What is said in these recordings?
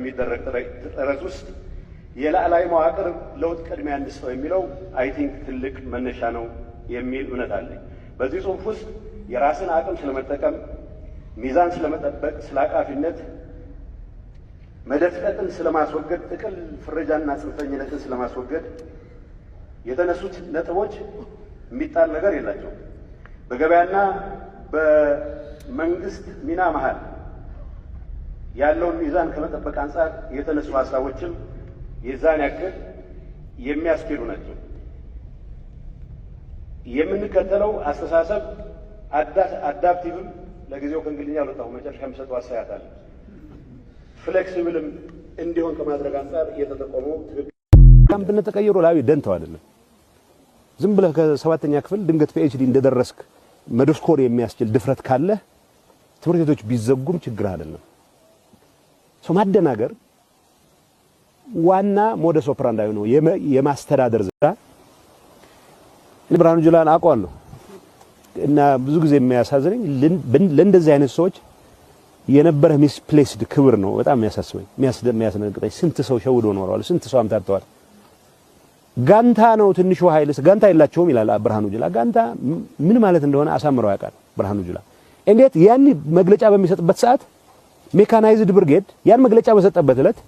በሚደረግ ጥረት ውስጥ የላዕላይ መዋቅር ለውጥ ቅድሚያ እንስጠው የሚለው አይ ቲንክ ትልቅ መነሻ ነው የሚል እውነት አለኝ። በዚህ ጽሁፍ ውስጥ የራስን አቅም ስለመጠቀም፣ ሚዛን ስለመጠበቅ፣ ስለ አቃፊነት፣ መደፍጠጥን ስለማስወገድ፣ ጥቅል ፍረጃና ጽንፈኝነትን ስለማስወገድ የተነሱት ነጥቦች የሚጣል ነገር የላቸውም። በገበያና በመንግስት ሚና መሃል ያለውን ሚዛን ከመጠበቅ አንጻር የተነሱ ሀሳቦችም የዛን ያክል የሚያስኬዱ ናቸው። የምንከተለው አስተሳሰብ አዳፕቲቭም ለጊዜው ከእንግሊኛ አልወጣሁም፣ መጨረሻ የሚሰጡ አስተያየት አለ። ፍሌክሲብልም እንዲሆን ከማድረግ አንጻር እየተጠቆሙ ትክክል ብንተቀየሩ ላዊ ደንተው አይደለም። ዝም ብለህ ከሰባተኛ ክፍል ድንገት ፒኤችዲ እንደደረስክ መድስኮር የሚያስችል ድፍረት ካለህ ትምህርት ቤቶች ቢዘጉም ችግር አይደለም። ማደናገር ዋና ሞደስ ሶፕራንዳዊ ነው። የማስተዳደር ዘዳ ብርሃኑ ጁላን አውቀዋለሁ እና ብዙ ጊዜ የሚያሳዝነኝ ለእንደዚህ አይነት ሰዎች የነበረ ሚስፕሌስድ ክብር ነው። በጣም የሚያሳስበኝ የሚያስደነግጠኝ፣ ስንት ሰው ሸውዶ ኖረዋል፣ ስንት ሰው አምታርተዋል። ጋንታ ነው ትንሹ ኃይልስ ጋንታ የላቸውም ይላል ብርሃኑ ጁላ። ጋንታ ምን ማለት እንደሆነ አሳምረው ያውቃል ብርሃኑ ጁላ። እንዴት ያን መግለጫ በሚሰጥበት ሰዓት ሜካናይዝድ ብርጌድ ያን መግለጫ በሰጠበት ዕለት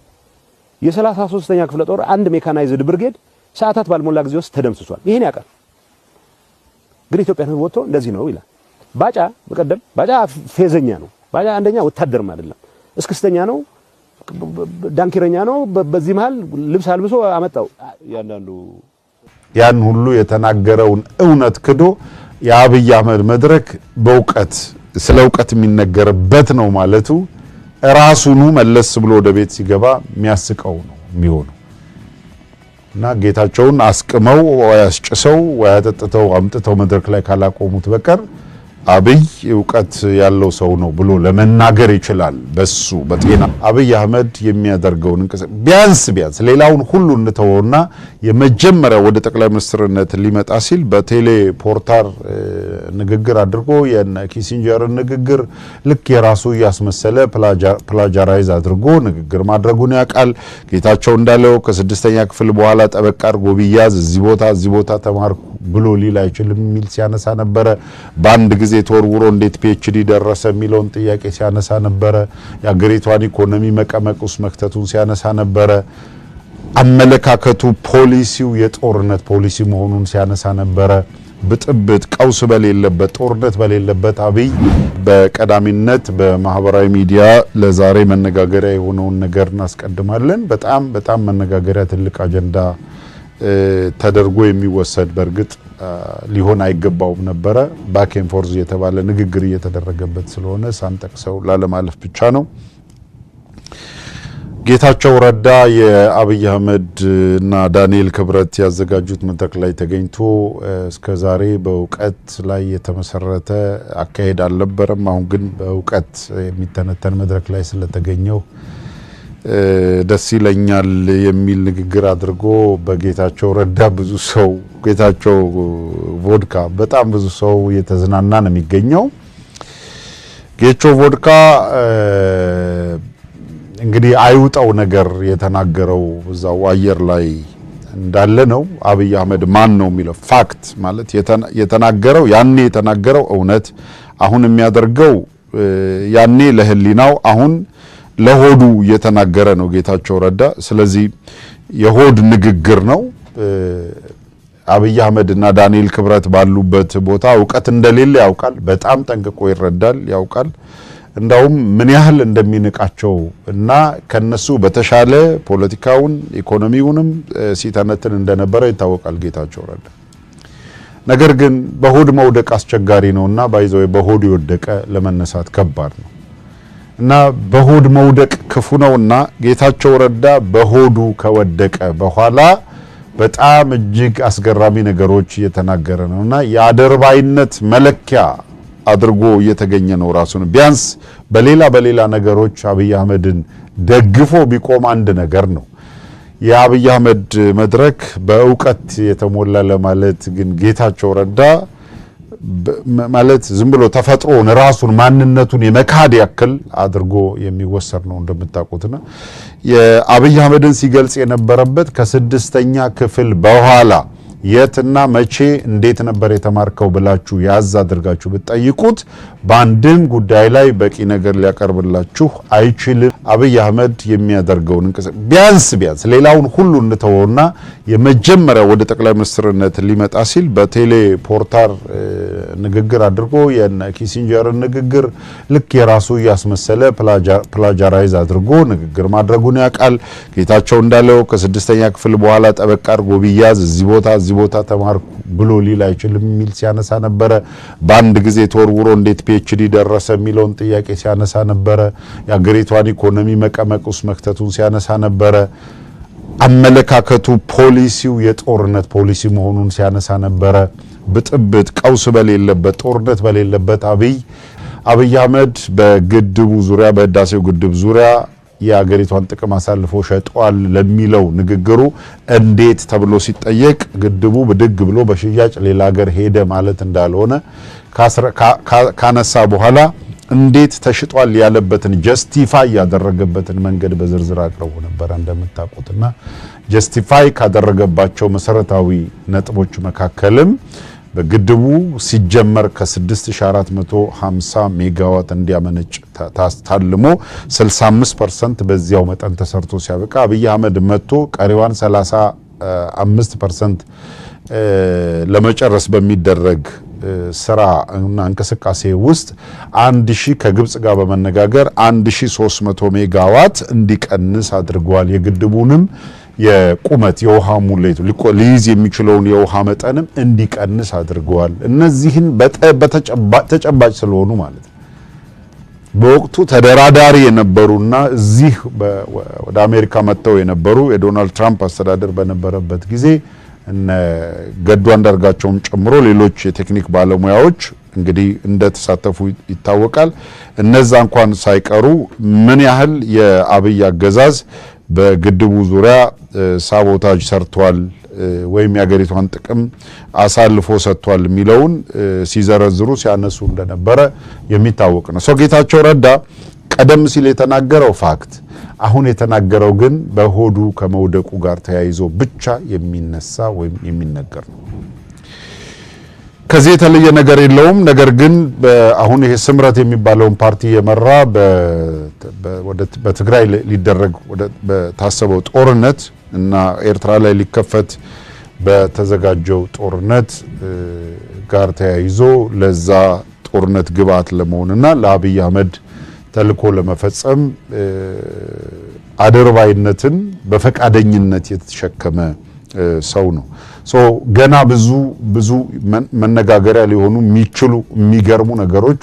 የሰላሳ ሶስተኛ ክፍለ ጦር አንድ ሜካናይዝድ ብርጌድ ሰዓታት ባልሞላ ጊዜ ውስጥ ተደምስሷል። ይሄን ያውቃል። ግን ኢትዮጵያን ህዝብ ወጥቶ እንደዚህ ነው ይላል። ባጫ በቀደም ባጫ ፌዘኛ ነው። ባጫ አንደኛ ወታደርም አይደለም፣ እስክስተኛ ነው፣ ዳንኪረኛ ነው። በዚህ መሀል ልብስ አልብሶ አመጣው። ያንዳንዱ ያን ሁሉ የተናገረውን እውነት ክዶ የአብይ አህመድ መድረክ በእውቀት ስለ እውቀት የሚነገርበት ነው ማለቱ ራሱኑ መለስ ብሎ ወደ ቤት ሲገባ የሚያስቀው ነው የሚሆነው እና ጌታቸውን አስቅመው ወይ አስጭሰው ወይ አጠጥተው አምጥተው መድረክ ላይ ካላቆሙት በቀር አብይ እውቀት ያለው ሰው ነው ብሎ ለመናገር ይችላል። በሱ በጤና አብይ አህመድ የሚያደርገውን እንቅስቃሴ ቢያንስ ቢያንስ ሌላውን ሁሉ እንተወውና የመጀመሪያ ወደ ጠቅላይ ሚኒስትርነት ሊመጣ ሲል በቴሌፖርታር። ንግግር አድርጎ የነ የኪሲንጀርን ንግግር ልክ የራሱ እያስመሰለ ፕላጃራይዝ አድርጎ ንግግር ማድረጉን ያውቃል። ጌታቸው እንዳለው ከስድስተኛ ክፍል በኋላ ጠበቅ አድርጎ ቢያዝ እዚህ ቦታ እዚህ ቦታ ተማርኩ ብሎ ሊል አይችልም የሚል ሲያነሳ ነበረ። በአንድ ጊዜ ተወርውሮ እንዴት ፒኤችዲ ደረሰ የሚለውን ጥያቄ ሲያነሳ ነበረ። የአገሪቷን ኢኮኖሚ መቀመቅ ውስጥ መክተቱን ሲያነሳ ነበረ። አመለካከቱ ፖሊሲው የጦርነት ፖሊሲ መሆኑን ሲያነሳ ነበረ። ብጥብጥ፣ ቀውስ በሌለበት ጦርነት በሌለበት አብይ በቀዳሚነት በማህበራዊ ሚዲያ ለዛሬ መነጋገሪያ የሆነውን ነገር እናስቀድማለን። በጣም በጣም መነጋገሪያ ትልቅ አጀንዳ ተደርጎ የሚወሰድ በእርግጥ ሊሆን አይገባውም ነበረ። ባክ ኤንድ ፎርዝ የተባለ ንግግር እየተደረገበት ስለሆነ ሳንጠቅሰው ላለማለፍ ብቻ ነው። ጌታቸው ረዳ የአብይ አህመድ እና ዳንኤል ክብረት ያዘጋጁት መድረክ ላይ ተገኝቶ እስከ ዛሬ በእውቀት ላይ የተመሰረተ አካሄድ አልነበረም። አሁን ግን በእውቀት የሚተነተን መድረክ ላይ ስለተገኘው ደስ ይለኛል የሚል ንግግር አድርጎ በጌታቸው ረዳ ብዙ ሰው ጌታቸው ቮድካ በጣም ብዙ ሰው የተዝናና ነው የሚገኘው ጌቾ ቮድካ እንግዲህ አይውጣው ነገር የተናገረው እዛው አየር ላይ እንዳለ ነው። አብይ አህመድ ማን ነው የሚለው ፋክት ማለት የተናገረው ያኔ የተናገረው እውነት፣ አሁን የሚያደርገው ያኔ ለህሊናው፣ አሁን ለሆዱ እየተናገረ ነው ጌታቸው ረዳ። ስለዚህ የሆድ ንግግር ነው። አብይ አህመድ እና ዳንኤል ክብረት ባሉበት ቦታ እውቀት እንደሌለ ያውቃል። በጣም ጠንቅቆ ይረዳል፣ ያውቃል። እንዳውም ምን ያህል እንደሚንቃቸው እና ከነሱ በተሻለ ፖለቲካውን ኢኮኖሚውንም ሲተነትን እንደነበረ ይታወቃል ጌታቸው ረዳ። ነገር ግን በሆድ መውደቅ አስቸጋሪ ነውና ባይዘው በሆድ የወደቀ ለመነሳት ከባድ ነው እና በሆድ መውደቅ ክፉ ነውና ጌታቸው ረዳ በሆዱ ከወደቀ በኋላ በጣም እጅግ አስገራሚ ነገሮች እየተናገረ ነው እና የአደርባይነት መለኪያ አድርጎ እየተገኘ ነው ራሱን ቢያንስ በሌላ በሌላ ነገሮች አብይ አህመድን ደግፎ ቢቆም አንድ ነገር ነው። የአብይ አህመድ መድረክ በእውቀት የተሞላ ለማለት ግን ጌታቸው ረዳ ማለት ዝም ብሎ ተፈጥሮን ራሱን ማንነቱን የመካድ ያክል አድርጎ የሚወሰድ ነው እንደምታውቁትና የአብይ አህመድን ሲገልጽ የነበረበት ከስድስተኛ ክፍል በኋላ የትና መቼ እንዴት ነበር የተማርከው ብላችሁ ያዝ አድርጋችሁ ብትጠይቁት በአንድም ጉዳይ ላይ በቂ ነገር ሊያቀርብላችሁ አይችልም። አብይ አህመድ የሚያደርገውን እንቅስ ቢያንስ ቢያንስ ሌላውን ሁሉ እንተወውና የመጀመሪያ ወደ ጠቅላይ ሚኒስትርነት ሊመጣ ሲል በቴሌፖርታር ንግግር አድርጎ የነ ኪሲንጀር ንግግር ልክ የራሱ እያስመሰለ ፕላጃራይዝ አድርጎ ንግግር ማድረጉን ያውቃል። ጌታቸው እንዳለው ከስድስተኛ ክፍል በኋላ ጠበቅ አድርጎ ቢያዝ እዚህ ቦታ እዚህ ቦታ ተማርኩ ብሎ ሊል አይችልም የሚል ሲያነሳ ነበረ። በአንድ ጊዜ ተወርውሮ እንዴት ፒኤችዲ ደረሰ የሚለውን ጥያቄ ሲያነሳ ነበረ። የአገሪቷን ኢኮኖሚ መቀመቅ ውስጥ መክተቱን ሲያነሳ ነበረ። አመለካከቱ፣ ፖሊሲው የጦርነት ፖሊሲ መሆኑን ሲያነሳ ነበረ። ብጥብጥ፣ ቀውስ በሌለበት ጦርነት በሌለበት አብይ አብይ አህመድ በግድቡ ዙሪያ በህዳሴው ግድብ ዙሪያ የአገሪቷን ጥቅም አሳልፎ ሸጧል ለሚለው ንግግሩ እንዴት ተብሎ ሲጠየቅ ግድቡ ብድግ ብሎ በሽያጭ ሌላ ሀገር ሄደ ማለት እንዳልሆነ ካነሳ በኋላ እንዴት ተሽጧል ያለበትን ጀስቲፋይ ያደረገበትን መንገድ በዝርዝር አቅርቦ ነበረ። እንደምታውቁትና ጀስቲፋይ ካደረገባቸው መሰረታዊ ነጥቦች መካከልም በግድቡ ሲጀመር ከ6450 ሜጋዋት እንዲያመነጭ ታልሞ 65% በዚያው መጠን ተሰርቶ ሲያበቃ አብይ አህመድ መጥቶ ቀሪዋን 35% ለመጨረስ በሚደረግ ስራ እና እንቅስቃሴ ውስጥ አንድ ሺህ ከግብጽ ጋር በመነጋገር 1300 ሜጋዋት እንዲቀንስ አድርጓል የግድቡንም የቁመት የውሃ ሙሌቱ ሊይዝ የሚችለውን የውሃ መጠንም እንዲቀንስ አድርገዋል። እነዚህን ተጨባጭ ስለሆኑ ማለት ነው። በወቅቱ ተደራዳሪ የነበሩና እዚህ ወደ አሜሪካ መጥተው የነበሩ የዶናልድ ትራምፕ አስተዳደር በነበረበት ጊዜ እነ ገዱ አንዳርጋቸውም ጨምሮ ሌሎች የቴክኒክ ባለሙያዎች እንግዲህ እንደተሳተፉ ይታወቃል። እነዛ እንኳን ሳይቀሩ ምን ያህል የአብይ አገዛዝ በግድቡ ዙሪያ ሳቦታጅ ሰርቷል ወይም የሀገሪቷን ጥቅም አሳልፎ ሰጥቷል የሚለውን ሲዘረዝሩ ሲያነሱ እንደነበረ የሚታወቅ ነው። ሰው ጌታቸው ረዳ ቀደም ሲል የተናገረው ፋክት አሁን የተናገረው ግን በሆዱ ከመውደቁ ጋር ተያይዞ ብቻ የሚነሳ ወይም የሚነገር ነው። ከዚህ የተለየ ነገር የለውም። ነገር ግን አሁን ይሄ ስምረት የሚባለውን ፓርቲ የመራ በትግራይ ሊደረግ በታሰበው ጦርነት እና ኤርትራ ላይ ሊከፈት በተዘጋጀው ጦርነት ጋር ተያይዞ ለዛ ጦርነት ግብዓት ለመሆንና ለአብይ አህመድ ተልኮ ለመፈጸም አደርባይነትን በፈቃደኝነት የተሸከመ ሰው ነው። ገና ብዙ ብዙ መነጋገሪያ ሊሆኑ የሚችሉ የሚገርሙ ነገሮች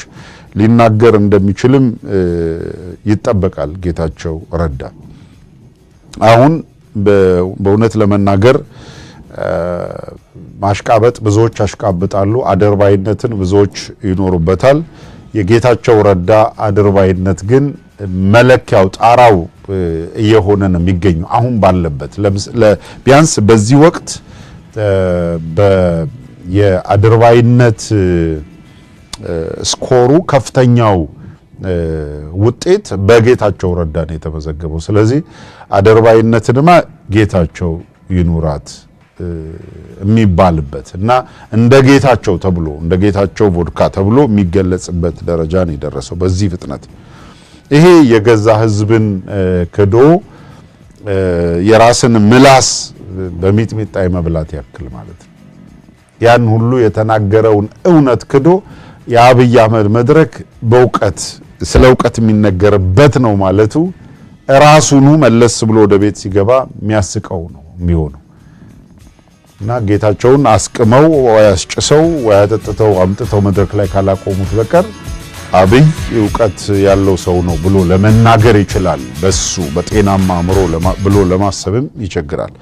ሊናገር እንደሚችልም ይጠበቃል። ጌታቸው ረዳ አሁን በእውነት ለመናገር ማሽቃበጥ ብዙዎች አሽቃብጣሉ። አድርባይነትን ብዙዎች ይኖሩበታል። የጌታቸው ረዳ አድርባይነት ግን መለኪያው ጣራው እየሆነ ነው የሚገኙ አሁን ባለበት ቢያንስ በዚህ ወቅት የአድርባይነት ስኮሩ ከፍተኛው ውጤት በጌታቸው ረዳ ነው የተመዘገበው። ስለዚህ አደርባይነትንማ ጌታቸው ይኑራት የሚባልበት እና እንደ ጌታቸው ተብሎ እንደ ጌታቸው ቮድካ ተብሎ የሚገለጽበት ደረጃ ነው የደረሰው በዚህ ፍጥነት። ይሄ የገዛ ህዝብን ክዶ የራስን ምላስ በሚጥሚጣ የመብላት ያክል ማለት ነው። ያን ሁሉ የተናገረውን እውነት ክዶ የአብይ አህመድ መድረክ በእውቀት ስለ እውቀት የሚነገርበት ነው ማለቱ ራሱኑ መለስ ብሎ ወደ ቤት ሲገባ የሚያስቀው ነው የሚሆነው። እና ጌታቸውን አስቅመው ወይ አስጭሰው ወይ አጠጥተው አምጥተው መድረክ ላይ ካላቆሙት በቀር አብይ እውቀት ያለው ሰው ነው ብሎ ለመናገር ይችላል። በሱ በጤናማ አእምሮ ብሎ ለማሰብም ይቸግራል።